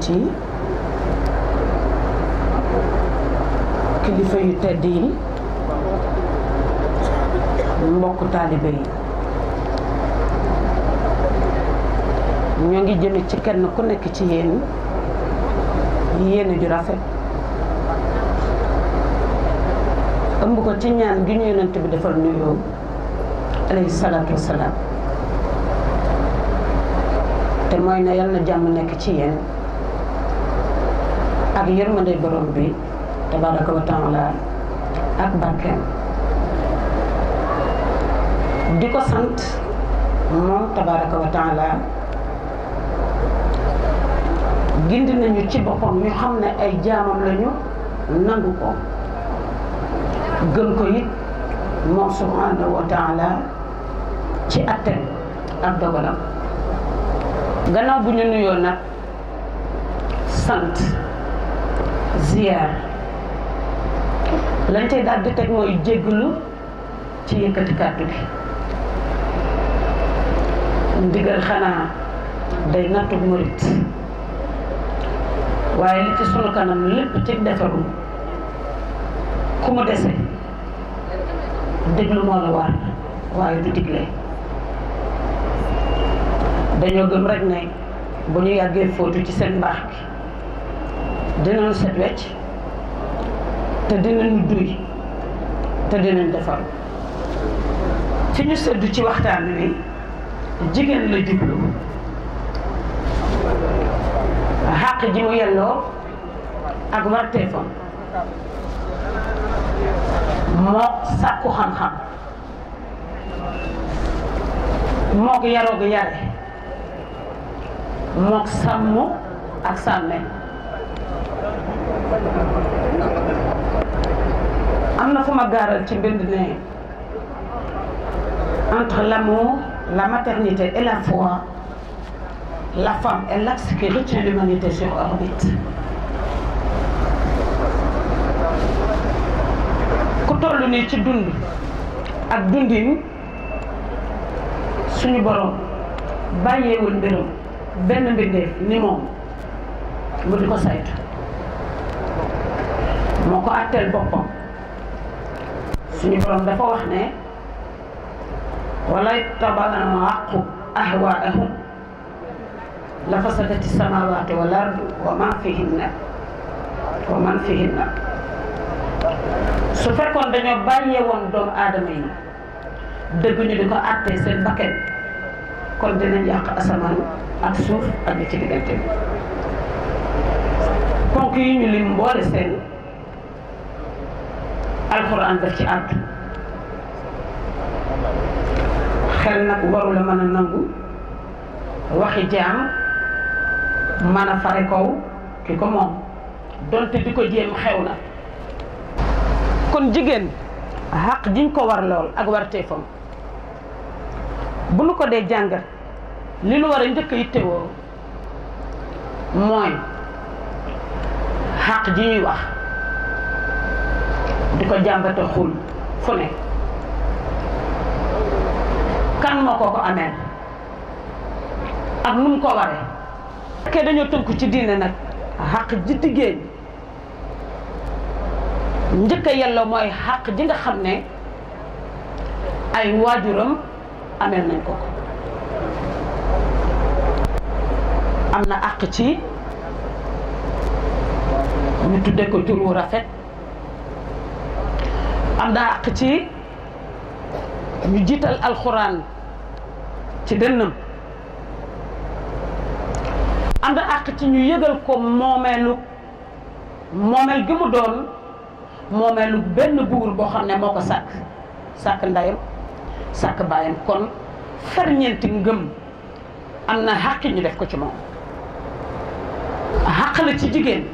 ci kilifa yu tedd yi mbokk taalibe yi ñoo ngi jële ci kenn ku nekk ci yéen yéene ju rafet ëmb ko ci ñaan gi ñu yonent bi defal nuyoo alayhi salaatu wasalaam te mooy ne yal na jàmm nekk ci yéen ak yërmande borom bi tabaraka wa taala ak barkeem di ko sant moom tabaraka wa taala gindi nañu ci boppam ñu xam ne ay jaamam lañu nangu ko gën ko it moom subhanahu wa ci atteem ak dogalam gannaaw bu ñu nuyoo nag sant ziyaar lañ tey daal di teg mooy jégglu ci yëkkati kàddu bi ndigal xanaa day nattu murit waaye li ci sunu kanam lépp ci defaru ku mu dese déglu moo la war waaye du digle dañoo gëm rek ne bu ñu yàggee fóotu ci seen mbaax gi dinañ set wecc te dinañ duy te dinañ defar fi ñu seddu ci waxtaan wi jigéen la jublu xàq ji mu yelloo ak warteefam moo sàkku xam-xam mook yaroogu yare mook sàmm ak sàmme amna na garal ci mbind né entre l'amour la maternité et la foi la femme est l'axe qui retient l'humanité sur orbite ku toll ni ci dund ak dundin suñu borom wul mbiram ben mbindeef ni mom mu diko saytu moo ko àtteel boppam suñu borom dafa wax ne wala tabanama aqu ahwaahum la fasadati samawaati wal ardu wa man fihinna wa man fihinna su fekkoon dañoo bàyyee woon doomu aadama yi dëgg ñu di ko àttee seen bakket kon dinañ yàq asamaan ak suuf ak li ci diggante bi ponk yi ñu lim mboole seen alxuraan daf ci àddu xel nag waru mën a nangu waxi jaam man a fare kow ki ko moom donte di ko jéem xew na kon jigéen xaq jiñ ko war lool ak warteefam bu nu ko dee jàngat li nu war a njëkk yittewoo mooy xaq ji ñuy wax di ko jàmbate xul fu ne kan moo ko ko ameel ak nu mu ko waree fekkee dañoo tënku ci diine nag xaq ji jigéen njëkk a yelloo mooy xaq ji nga xam ne ay waajuram ameel nañ ko ko am na àq ci ñu tudde ko jur wu rafet am daa àq ci ñu jiital alxuraan ci dënnam am na àq ci ñu yëgal ko moomeelu moomeel gi mu doon moomeelu benn buur boo xam ne moo ko sàkk sàkk ndayam sàkk baayam kon ferñeenti ngëm am na xàq ñu def ko ci moom xàq la ci jigéen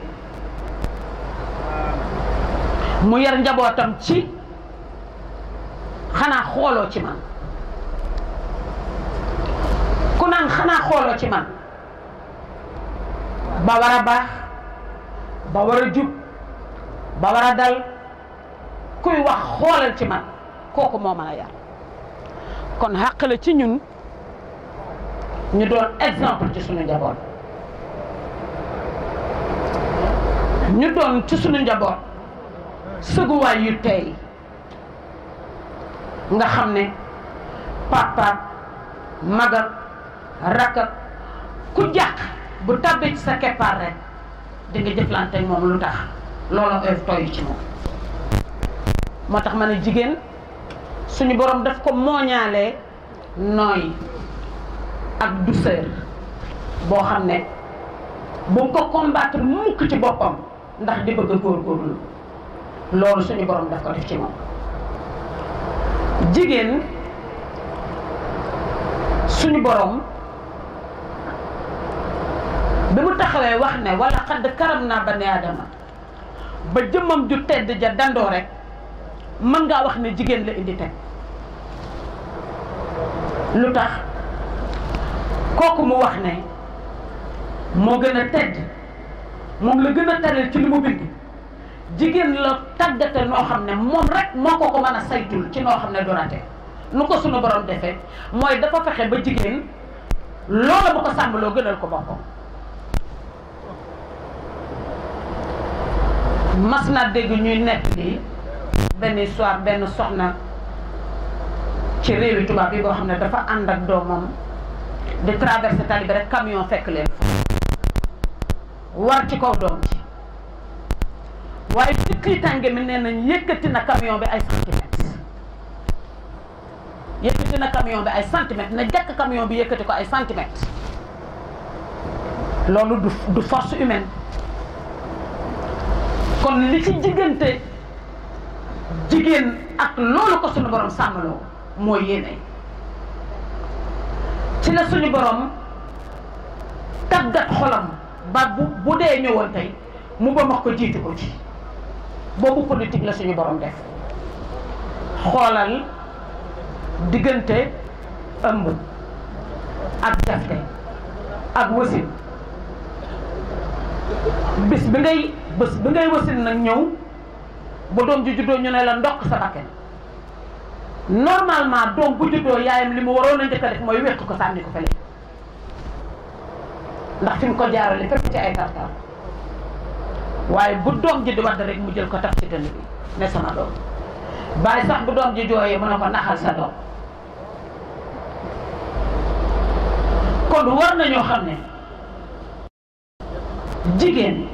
mu yar njabootam ci xooloo ci ku nan xanaa xooloo ci man ba war a baax ba war a jub ba war dal kuy wax xoolal ci man kooku moo mën yar kon xàq ci ñun ñu doon exemple ci suñu njaboot ñu doon ci suñu njaboot sëguwaay yu tey nga xam ne paat paat mag rakk ku jàq bu tàbbee ci sa keppaar rek di nga jëflante moom lu tax loola tooy ci moom moo tax ma ne jigéen suñu boroom daf ko mooñaalee nooy ak douceur boo xam ne bu mu ko combattre mukk ci boppam ndax di bëgg a góorgóorlu loolu suñu borom daf ko def ci moom jigéen suñu borom bi mu taxawee wax ne wala xadd karam naa ba ne Adama ba jëmmam ju tedd ja dandoo rek mën ngaa wax ne jigéen la indi teg lu tax kooku mu wax ne moo gën a tedd moom la gën a taral ci li mu bind jigéen la tàggate noo xam ne moom rek moo ko ko mën a saytul ci noo xam ne donate nu ko sunu borom defee mooy dafa fexe ba jigéen loola bu ko sàmbaloo gënal ko boppam mas naa dégg ñuy nekk di benn histoire benn soxna ci réewi tubaab yi boo xam ne dafa ànd ak doomam di traversé tali rek camion fekk leen war ci kaw doom waaye ci tiitange mi nee nañ yëkkati na camion bi ay centimètres yëkkati na camion bi ay centimètres na jàkk camion bi yëkkati ko ay centimètres loolu du force humaine kon li ci diggante jigéen ak loolu ko suñu borom sàmmaloo mooy yéene ci la suñu borom tàggat xolam ba bu bu dee ñëwoon tey mu ba max ko jiitu ko ci boobu politik la suñu borom def xoolal diggante ëmb ak jafte ak wasin bis bi ngay bés bi ngay wasin nag ñëw bu doom ji juddoo ñu ne la ndokk sa bakken normalement doom bu juddoo yaayam li mu waroon a njëkk def mooy wéq ko sànni ko fële ndax fi mu ko jaarale fépp ci ay tartar waaye bu doom ji di wadd rek mu jël ko tax ci dënn bi ne nah, sama doom bàyyi sax bu doom ji jooyee mu ne ko naxal sa doom kon war nañu xam ne jigéen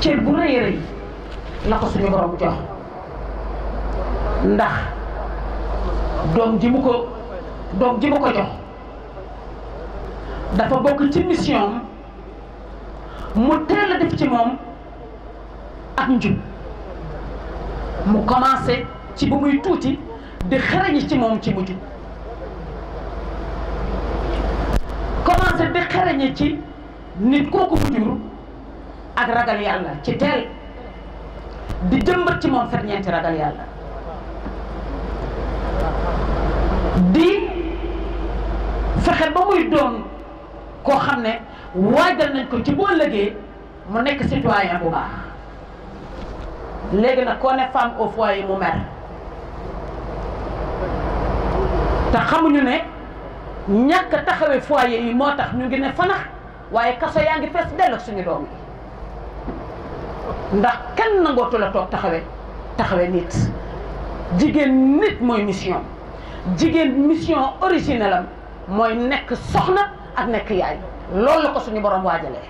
cër bu rëy rëy la ko suñu borom jox ndax doom ji mu ko doom ji mu ko jox dafa bokk ci mission mu teel a def ci moom ak njub mu commencé ci bu muy tuuti di xarañi ci moom ci mujj commencé di xarañi ci nit kooku mu jur ak ragal yàlla ci teel di jëmbat ci moom fet ñeenti ragal yàlla di fexe ba muy doon koo xam ne waajal nañ ko ci boo mu nekk citoyen bu baax léegi nag koo ne femme au foyer mu mer te xamuñu ne ñàkk taxawe foyer yi moo tax ñu ngi ne fanax waaye kaso yaa ngi fees suñu doom ndax kenn nangootu la toog nit jigéen nit mooy mission jigéen mission originelle am mooy nekk soxna ak yaay loolu la ko suñu borom waajalee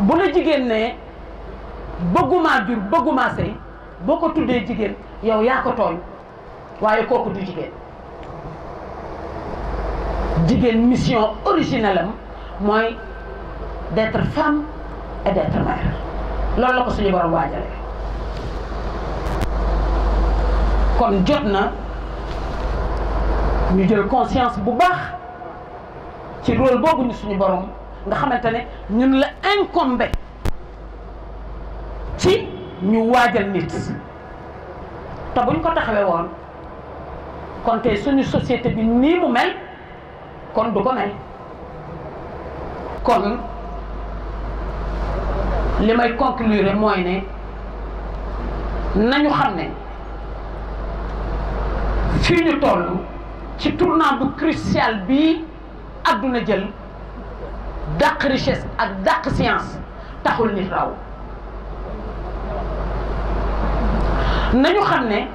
bu la jigéen ne bëggumaa jur bëggumaa sëy boo ko tuddee jigéen yow yaa ko tooñ waaye kooku du jigéen jigéen mission originelle mooy detre femme et d'être mère loolu la ko suñu borom waajalee kon jot na ñu jël conscience bu baax ci nous sommes ñu suñu borom nga ñun la incombé ci ñu wajal nit ta buñ ko taxawé woon kon suñu société bi ni mu mel kon du ko kon limay conclure crucial aduna jël dàq richesse ak dàq science taxul nit raw nañu xamné ne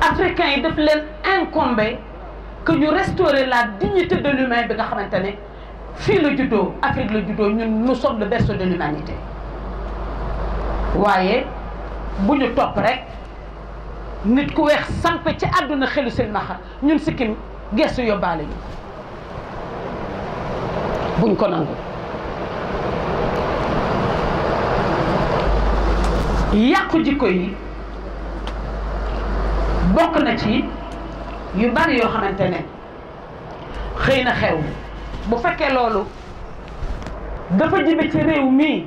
africains yi daf leen incombé que ñu restaurer la dignité de l'humain bi nga xamante ne fii la juddoo Afrique la juddoo ñun nous sommes le berceau de l'humanité waaye bu ñu topp rek nit ku weex samp ci àdduna xelu seen maxa ñun sikkim gestu yóbbaale ñu buñ ko nangu yàqu jikko yi bokk na ci yu bari yoo xamante ne xëy na xew bu fekkee loolu dafa jibe ci réew mii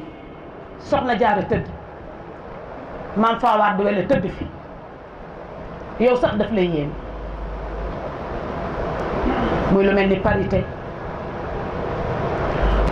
soxna jaara tëdd maam faawaat du wele tëdd fi yow sax daf lay yéem muy lu mel ni parité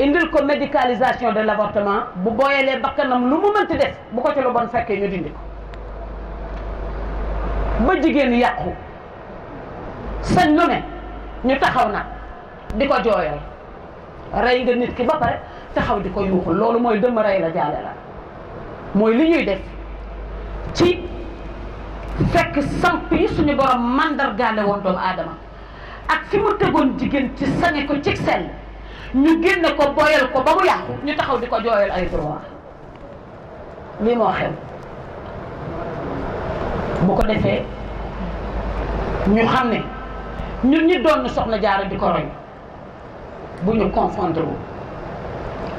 indil ko médicalisation de l' avortement bu booyelee bakkanam lu mu mënti def bu ko ci lu bon fekkee ñu dindi ko ba jigéen yàqu sañ lu ne ñu taxaw nag di ko jooyal rey nga nit ki ba pare taxaw di ko yuuxul loolu mooy dëmm rey la jaale la mooy li ñuy def ci fekk samp suñu borom mandargaale woon doomu aadama ak si mu tegoon jigéen ci sañe ko ci sell ñu génne ko boyal ko ba mu yàqu ñu taxaw di ko jooyal ay droit lii moo xew bu ko defee ñu xam ne ñun ñi doon soxna jaara di ko roy bu ñu confondre wu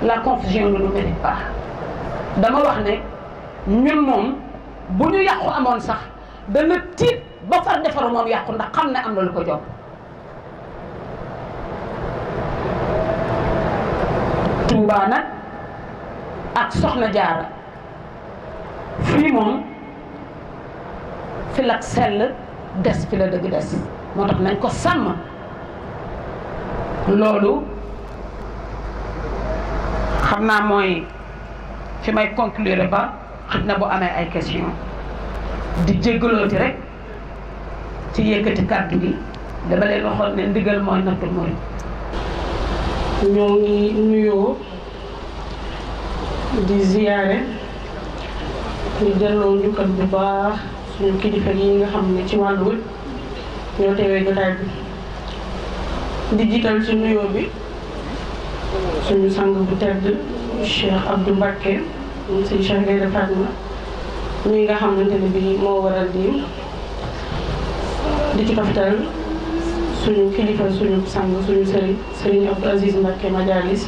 la confusion ne nous mérite pas dama wax ne ñun moom bu ñu yàqu amoon sax dana tiit ba far defaru moom yàqu ndax xam ne am na lu ko jox Touba nag ak Soxna Jaara fii moom fi la sell des fi la dëgg des moo tax nañ ko sàmm loolu xam naa mooy fi may conclure ba xëj na bu amee ay question di jéggalooti rek ci yëkkati kàddu gi dama leen waxoon ne ndigal mooy nattu murit ñoo ngi nuyoo di ziyaare di delloo njukkal bu baax suñu kilifa yi nga xam ne ci wàllu wét ñoo teewee jotaay bi di jiital ci nuyoo bi suñu sang bu tedd Cheikh Abdou Mbacké moom sëñ Cheikh Gaynde Fatma ñi nga xamante ne bi moo waral lii di ci kafital suñu kilifa suñu sang suñu sëriñ sëriñ Abdou Aziz Mbacké Madialis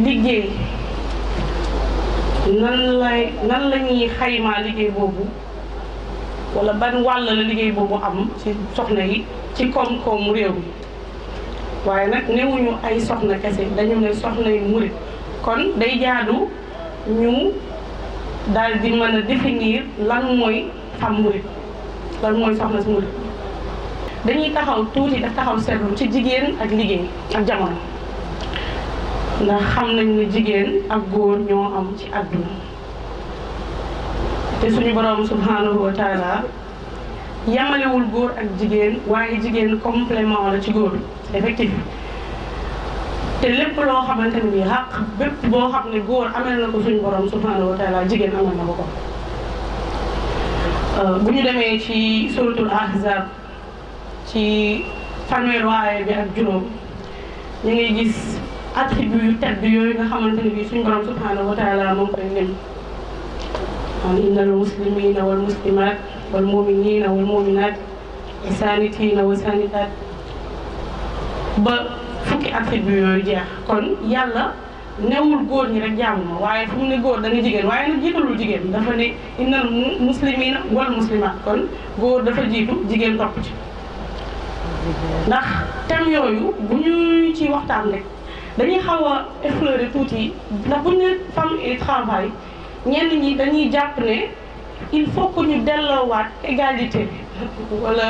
liggéey nan lay nan la ñuy xaymaa liggéey boobu wala ban wàll la liggéey boobu am ci soxna yi ci koom-koomu réew mi waaye nag newuñu ay soxna kese dañu ne soxna yu murit kon day jaadu ñu daal di mën a définir lan mooy xam murit lan mooy soxna si murit dañuy taxaw tuuti daf taxaw seetlu ci jigéen ak liggéey ak jamono ndax xam nañ ne jigéen ak góor ñoo am ci àdduna te suñu borom subhanahu wa taala yamalewul góor ak jigéen waaye jigéen complément la ci góor effectivement te lépp loo xamante ne nii xaq bépp boo xam ne góor amel na ko suñu borom subhanahu wa jigéen amal na ko ko euh, bu ñu demee ci suratul ahzab ci fanweer waaye bi ak juróom ñu ngi gis attribut yu tedd yooyu nga xamante ne bii suñu borom subhanahu wa taala moom koy lim an inna al muslimina wal muslimat wal muminina wal muminat fukki attribut yooyu jeex kon yàlla newul góor ñi rek jaamu waaye mu ne góor dana jigéen waaye nag jigéen dafa ne innal muslimina wal muslimat kon góor dafa jiitu jigéen topp ci ndax thème yooyu bu ñu ci waxtaan rek dañuy xaw a effleurer tuuti ndax bu ñu nee femme et travail ñenn ñi dañuy jàpp ne il faut que ñu delloowaat égalité wala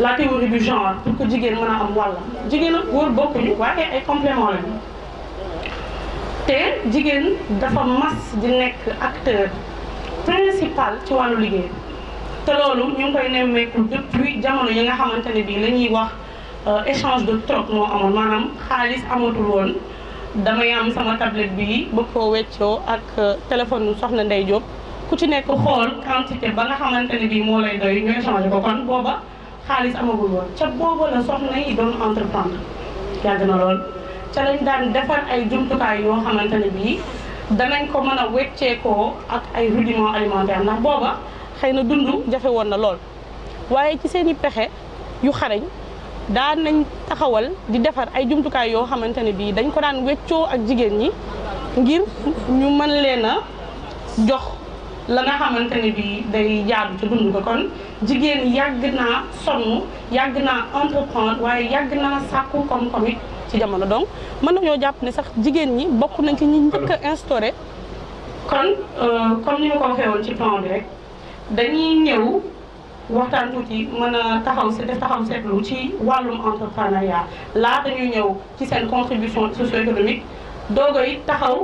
la théorie du genre pour que jigéen mën a am wàlla jigéen ak góor bokkuñu waaye ay complément lañu te jigéen dafa mas di nekk acteur principal ci wàllu liggéey te loolu ñu ngi koy nemmeeku depuis jamono yi nga xamante ne bii la ñuy wax. échange euh, de troc moo amoon maanaam xaalis amatul woon damay am sama tablette bi ba koo weccoo ak euh, téléphone soxna Ndey Diop ku ci nekk xool quantité ba nga xamante ne bii moo lay doy ñu échangé ko kon booba xaalis amagul woon ca booba la soxna yi doon entreprendre yàgg na lool ca lañ daan defar ay jumtukaay yoo xamante ne bii danañ ko mën a wecceekoo ak ay rudiments alimentaires ndax booba xëy na dund jafe woon na lool waaye ci seen i pexe yu xarañ daan nañ taxawal di defar ay jumtukaay yoo xamante ne bii dañ ko daan weccoo ak jigéen ñi ngir ñu mën leen a jox la nga xamante ne bii day jaadu ci dund ko kon jigéen yàgg naa sonn yàgg naa entreprendre waaye yàgg naa sàkku koom-koom ci jamono donc mën nañoo jàpp ne sax jigéen ñi bokk nañ ci ñi njëkk a instauré kon euh, comme ni ma ko waxee ci plan bi rek dañuy ñëw waxtaan tuuti mën a taxaw si def taxaw seetlu ci wàllum entrepreneuriat laata ñuy ñëw ci seen contribution socio-économique doogo it taxaw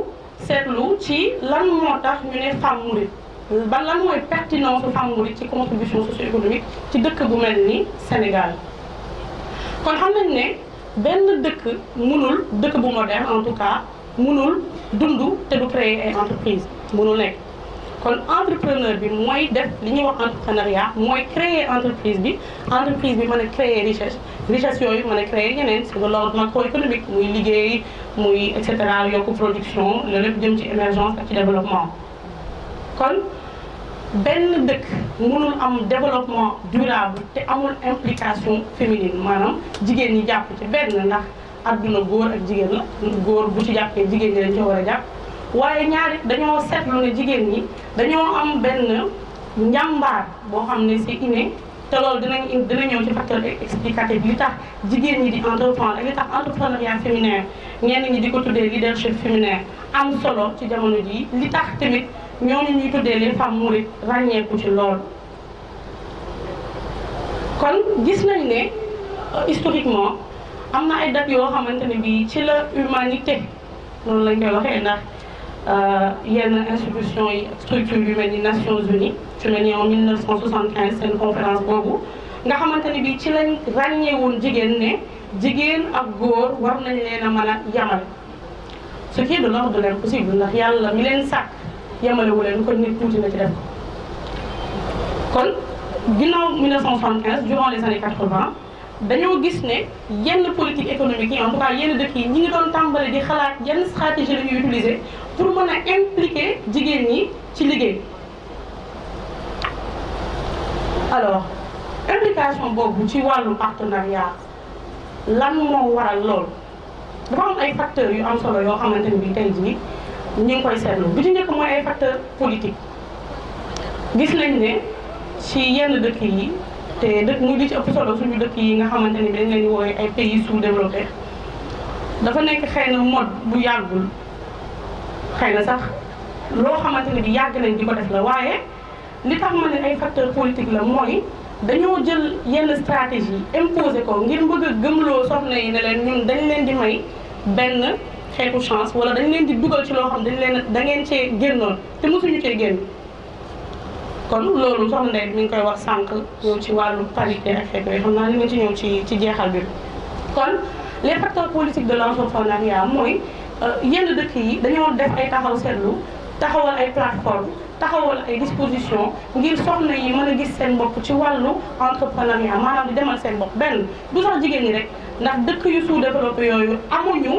seetlu ci lan moo tax ñu ne femme mouride ba lan mooy pertinence femme mouride ci contribution socio-économique ci dëkk bu mel ni Sénégal kon xam nañ ne benn dëkk munul dëkk bu moderne en tout cas munul dund te du créer ay entreprise munul nekk kon entrepreneur bi moy def li ñuy wax entrepreneuriat moy créer entreprise bi entreprise bi mané créer richesse richesse yooyu mën a créer ñeneen c'est de l'ordre macroéconomique muy liggéey muy et cetera yokku production loolu lépp jëm ci émergence ak développement kon benn dëkk mënul am développement durable te amul implication féminine maanaam jigéen ñi jàpp ci benn ndax àdduna góor ak jigéen la góor bu ci jàppee jigéen ñi dañ ci war a jàpp waaye ñaari dañoo seetlu ne jigéen ñi dañoo am benn njàmbaar boo xam ne si inné te loolu dinañ dina ñëw ci facteur explicatif li tax jigéen ñi di entreprendre li tax entrepreneuriat féminin ñenn ñi di ko tuddee leadership féminin am solo ci jamono jii li tax tamit ñooñu ñuy tuddee les femmes mourides ràññeeku ci loolu. kon gis nañ ne euh, historiquement am na ay dates yoo xamante ne bii ci la humanité noonu lañ koy waxee ndax. Euh, yenn institution yi structure yu mel ni Nations Unies ci mel ni en 1975 une conférence boobu nga xamante ni bii ci lañ ràññeewul jigéen ne jigéen ak góor war nañ leen a yamal ce qui est de l'ordre de l'impossible ndax yàlla mi leen sàkk yamalewu leen kon nit tuuti na ci def ko kon ginnaaw 1975 durant les années 80 dañoo gis ne yenn politique économique yi en tout cas yenn dëkk yi ñi ngi doon tàmbali di xalaat yenn stratégie la utiliser pour mën a impliquer jigéen ñi ci liggéey alors implication bobu ci walu partenariat lan mo waral lol dafa am ay facteurs yu am solo yo xamanteni ni bi tey jii ñu ngi koy seetlu bi ci njëkk mooy ay facteurs politiques gis nañ ne ci yenn dëkk yi te dëkk muy li ci ëpp solo suñu dëkk yi nga xamanteni ni dañ leen di ay pays sous-développés dafa nekk xeyna na mode bu yagul xëy na sax loo xamante ne bi yàgg nañ di ko def la waaye li tax ma ne ay facteur politique la mooy dañoo jël yenn stratégie imposé ko ngir bëgg a gëmloo soxna yi ne leen dañ leen di may benn xeetu chance wala dañ leen di dugal ci loo xam dañ leen da ngeen cee génnoon te mu mosuñu cee génn kon loolu soxna Ndeye mi ngi koy wax sànq ñëw ci wàllu parité ak xeet yooyu xam naa li nga ci ñëw ci ci jeexal bi kon les facteurs politiques de l'entrepreneuriat mooy Euh, yenn dëkk yi dañoo def ay taxaw seetlu taxawal ay plateforme taxawal ay disposition ngir soxna yi mën a gis seen mbopp ci wàllu entrepreneuriat maanaam di demal seen bopp benn du sax jigéen ñi rek ndax dëkk yu sous-développé yooyu amuñu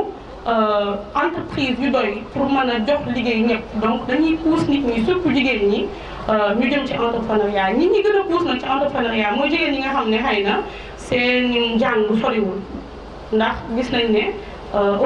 euh, entreprise yu doy pour mën a jox liggéey ñëpp donc dañuy pousse nit ñi surtout jigéen ñi euh, ñu jëm ci entrepreneuriat ñi ñi gën a pousse nag ci entrepreneuriat mooy jigéen ñi nga xam ne xëy na seen njàng soriwul ndax gis nañ ne au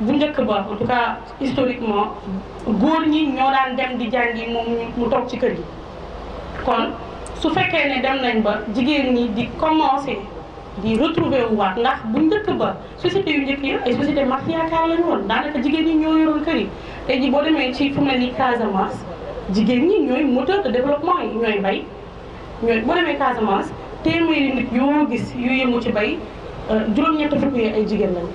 bu njëkk ba en tout cas historiquement góor ñi ñoo daan dem di jàngi moom mu toog ci kër gi kon su fekkee ne dem nañ ba jigéen ñi di commencer di retrouver wu waat ndax bu njëkk ba société yu njëkk yi ay société matriarcale lañu woon daanaka jigéen ñi ñoo yoroon kër yi te ji boo demee ci fu mu ne nii Casamance jigéen ñi ñooy moteur de développement yi ñooy bay ñooy boo demee Casamance téeméeri nit yoo gis yu yëngu ci bay euh, juróom-ñett fukk yi ay jigéen lañ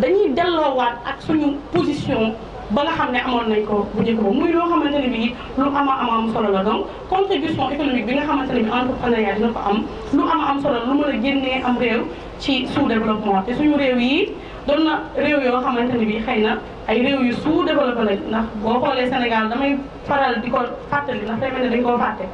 dañuy delloowaat ak suñu position ba nga xam ne amoon nañ ko bu njëkk muy loo xamante ne bii lu ama am solo la donc contribution économique bi nga xamante ne bii entrepreneuriat dina ko am lu ama am solo lu mën a génnee am réew ci sous développement te suñu réew yi doon na réew yoo xamante ne bii xëy na ay réew yu sous développé ndax boo xoolee Sénégal damay faral di ko fàttali ndax day mel ne dañ koo fàtte.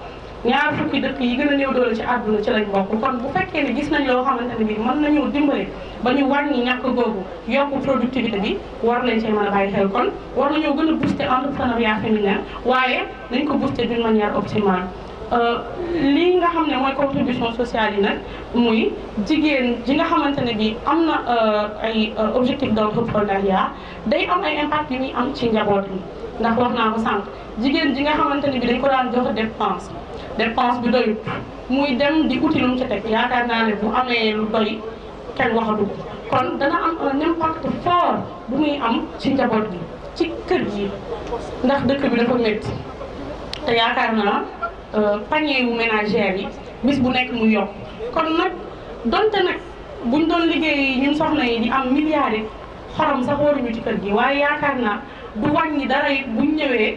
ñaar fukki dëkk yi gën a néew doole ci àdduna ci lañ bokk kon bu fekkee ne gis nañ loo xamante ne bii mën nañoo dimbale ba ñu wàññi ñàkk googu yokk productivité bi war nañ see mën a bàyyi xel kon war nañoo gën a booster entrepreneuriat féminin waaye nañ ko booster d'une manière optimale. Euh, lii nga xam ne mooy contribution sociale yi nag muy jigéen ji nga xamante ne bii am na euh, ay euh, objectif d'entrepreneuriat day am ay impact yu muy am ci njaboot yi ndax wax naa ko jigéen ji nga xamante ne bii dañ ko daan jox dépense. dépense bi doyut muy dem di uti lu mu ci teg yaakaar naa ne bu amee lu doy kenn waxatu ko kon dana am un impact fort bu muy am ci njaboot bi ci kër gi ndax dëkk bi dafa métti te yaakaar naa euh, panier yu ménagère yi bis bu nekk mu yow kon nag donte nag buñ doon liggéey ñun soxna yi di am milliards xorom sax waruñu ci kër gi waaye yaakaar naa du wàññi dara it buñ ñëwee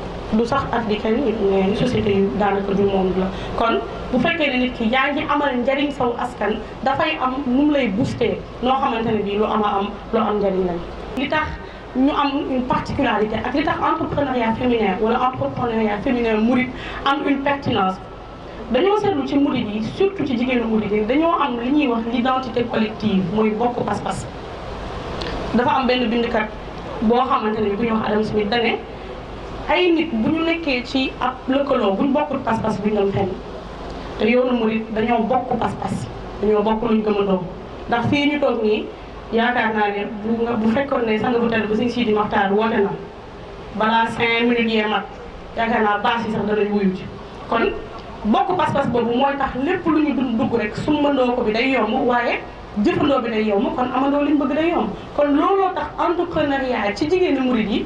lu sax africain mais société yu daanaka du monde la kon bu fekkee ne nit ki yaa ngi amal njariñ saw askan dafay am nu mu lay booster noo xamante ne bii lu ama am lu am njariñ lañ li tax ñu am une particularité ak li tax entrepreneuriat féminin wala entrepreneuriat féminin murit am une pertinence dañoo seetlu ci murit yi surtout ci jigéenu murit yi dañoo am li ñuy wax l'identité collective mooy bokk pas-pas dafa am benn bindkat boo xamante ne bu ñuy wax Adam Smith ay nit bu ñu nekkee ci ab lëkkaloo bu ñu bokkul pas-pas bu ñu doon fenn te yoonu murit dañoo bokk pas-pas dañoo bokk luñ gëmandoo ndax fii ñu toog nii yaakaar naa ne bu nga bu fekkoon ne sang bu tedd bu Sëñ Sidi Maxtaar woote na balaa cinq minutes yee mat yaakaar naa bâche yi sax danañ wuyu kon bokk pas-pas boobu mooy tax lépp lu ñu dund dugg rek sumbandoo ko bi day yomb waaye jëfandoo bi day yomb kon amandoo liñ bëgg day yomb kon looloo tax entrepreneuriat ci jigéenu murit yi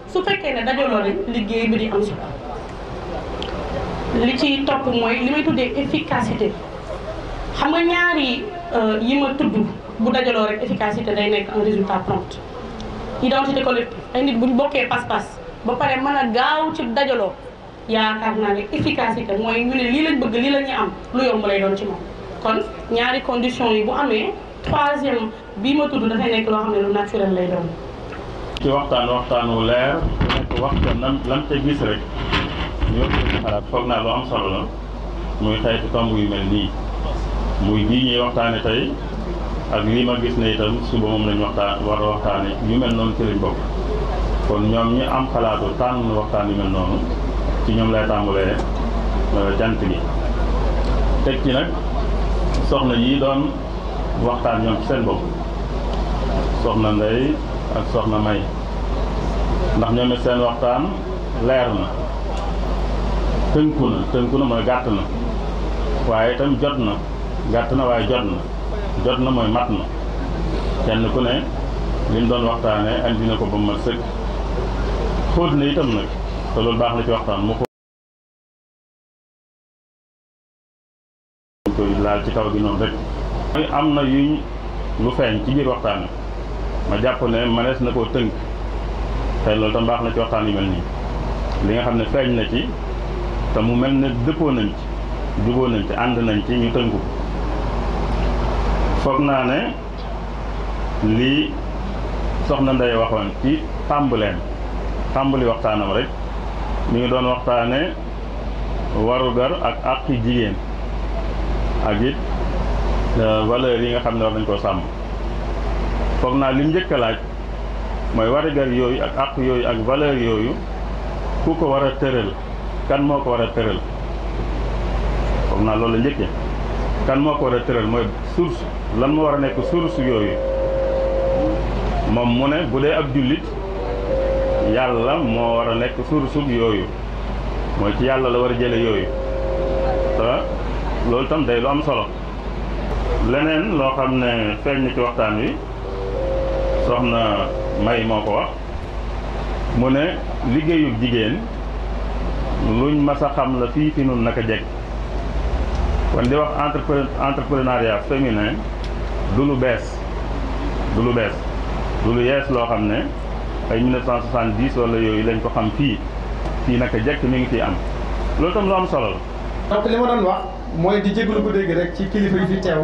su fekkee ne dajaloo nañ liggéey bi di am solo li ci topp mooy li may tuddee efficacité xam nga ñaari euh, yi ma tudd bu dajaloo rek efficacité day nekk un résultat prompt identité collective ay nit bu ñu bokkee pas-pas ba pare mën a gaaw ci dajaloo yaakaar naa ne efficacité mooy ñu ne lii lañ bëgg lii la ñuy am lu yomb lay doon ci moom kon ñaari condition yi bu amee troisième bii ma tudd dafay nekk loo xam ne lu naturel lay doon ci waxtaan waxtaanu leer ku nekk wax ca nam lam ca gis rek ñu wax ci xalaat foog naa lu am solo la muy xeetu tomb yu mel nii muy bii ñuy waxtaane tey ak lii ma gis na itam suba moom lañ waxtaan war a yu mel noonu ci lañ bokk kon ñoom ñi am xalaatu tànn waxtaan yu mel noonu ci ñoom lay tàmbalee euh, jant gi teg ci nag soxna yi doon waxtaan ñoom ci seen bopp soxna Ndeye ak soxna May ndax ñoom it seen waxtaan leer na tënku na tënku na mooy gàtt na waaye itam jot na gàtt na waaye jot na jot na mooy mat na kenn ku ne li doon waxtaane andi na ko ba mat sëkk xóot na itam nag te loolu baax na ci waxtaan mu koy laal ci kaw gi noonu rek mooy am na yuñ lu feeñ ci biir waxtaan ma jàpp ne mënees na koo tënk xëy loolu tam baax na ci waxtaan yu mel nii li nga xam ne feeñ na ci te mu mel ne dëppoo nañ ci juboo nañ ci ànd nañ ci ñu tënku foog naa ne lii soxna Ndeye waxoon ci tàmbaleen tàmbali waxtaanam rek mi ngi doon waxtaane warugar ak àqi jigéen ak it euh, valeur yi nga xam ne war nañ koo sàmb foog naa li njëkk a laaj mooy warugar yooyu ak àq yooyu ak valeur yooyu ku ko war a tëral kan moo ko war a tëral foog naa loolu la njëkkee kan moo ko war a tëral mooy source lan moo war a nekk source yooyu moom mu ne bu dee ab yàlla moo war a nekk source yooyu mooy ci yàlla la war a jële yooyu te loolu tam day lu am solo leneen loo xam ne feeñ na ci waxtaan wi soxna May moo ko wax mu ne liggéeyub jigéen luñ mas a xam la fii fi nun naka jeg kon di wax entrepre entrepreneuriat féminin du lu bees du lu bees du lu yees loo xam ne ay 1970 wala yooyu lañ ko xam fii fii naka jekk mi ngi fii am loolu tam lu am solo la. li ma doon wax mooy di jégalu ko dégg rek ci kilifa yi fi teew.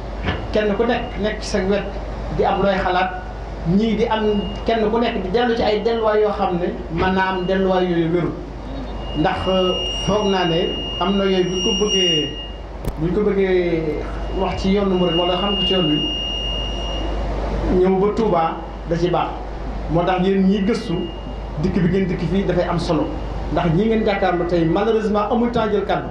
kenn ku nekk nekk sa wet di am looy xalaat ñii di am kenn ku nekk di dellu ci ay delluwaay yoo xam ne mën naa am delluwaay yooyu wérul ndax euh, foog naa ne am na yooyu bu ñu ko bëggee ñu ko bëggee wax ci yoonu murid wala xam ko ci yoon bi ñëw ba tuubaa da ci baax moo tax yéen ñii gëstu dikk bi ngeen dikk fii dafay am solo ndax ñii ngeen jàkkaarloo tey malheureusement amul temps jël kàddu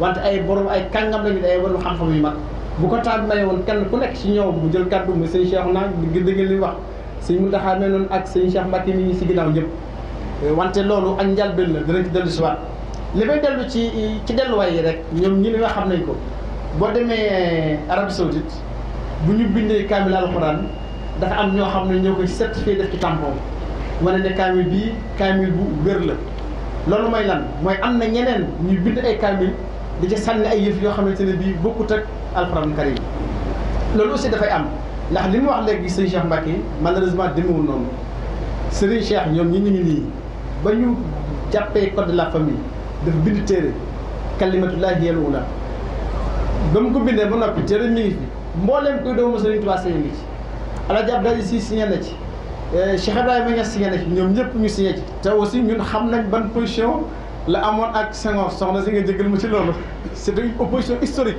wante ay borom ay kàngam lañu ay waru xam-xam yu mag. bu ko taat may woon kenn ku nekk ci ñoom mu jël kàddu mu sëñ Cheikh naa di dëgg li wax sëñ Mountakha mel noonu ak sëñ Cheikh Mbacke mi ngi ci ginnaaw ñëpp wante loolu ak njalbeen la danañ ci dellu si waat li may dellu ci ci delluwaay yi rek ñoom ñi li nga xam nañ ko boo demee Arabie Saoudite bu ñu bindee kaamil alxuraan dafa am ñoo xam ne ñoo koy certifié def ci tampon wane ne kaamil bii kaamil bu wér la loolu mooy lan mooy am na ñeneen ñu bind ay kaamil di ci ay yëf yoo xamante ne bii bokkut ak alxuraan karim loolu aussi dafay am ndax li mu wax léegi sëriñ Cheikh Mbacke malheureusement demewul noonu sëriñ Cheikh ñoom ñi ñu ngi nii ba ñu jàppee code de la famille dafa bind téere kalimatullahi hiya al-ula ba mu ko bindee ba noppi téere mi ngi fi mbooleem kuy doomu sëriñ Tuubaa signé ngi ci Alaaji Abdoulaye Si signé na ci eh, Cheikh Ibrahima Niass signé na ci ñoom ñëpp ñu signé te aussi ñun xam nañ ban position la amoon ak Senghor soxna si nga jégal ma ci loolu c'est une opposition historique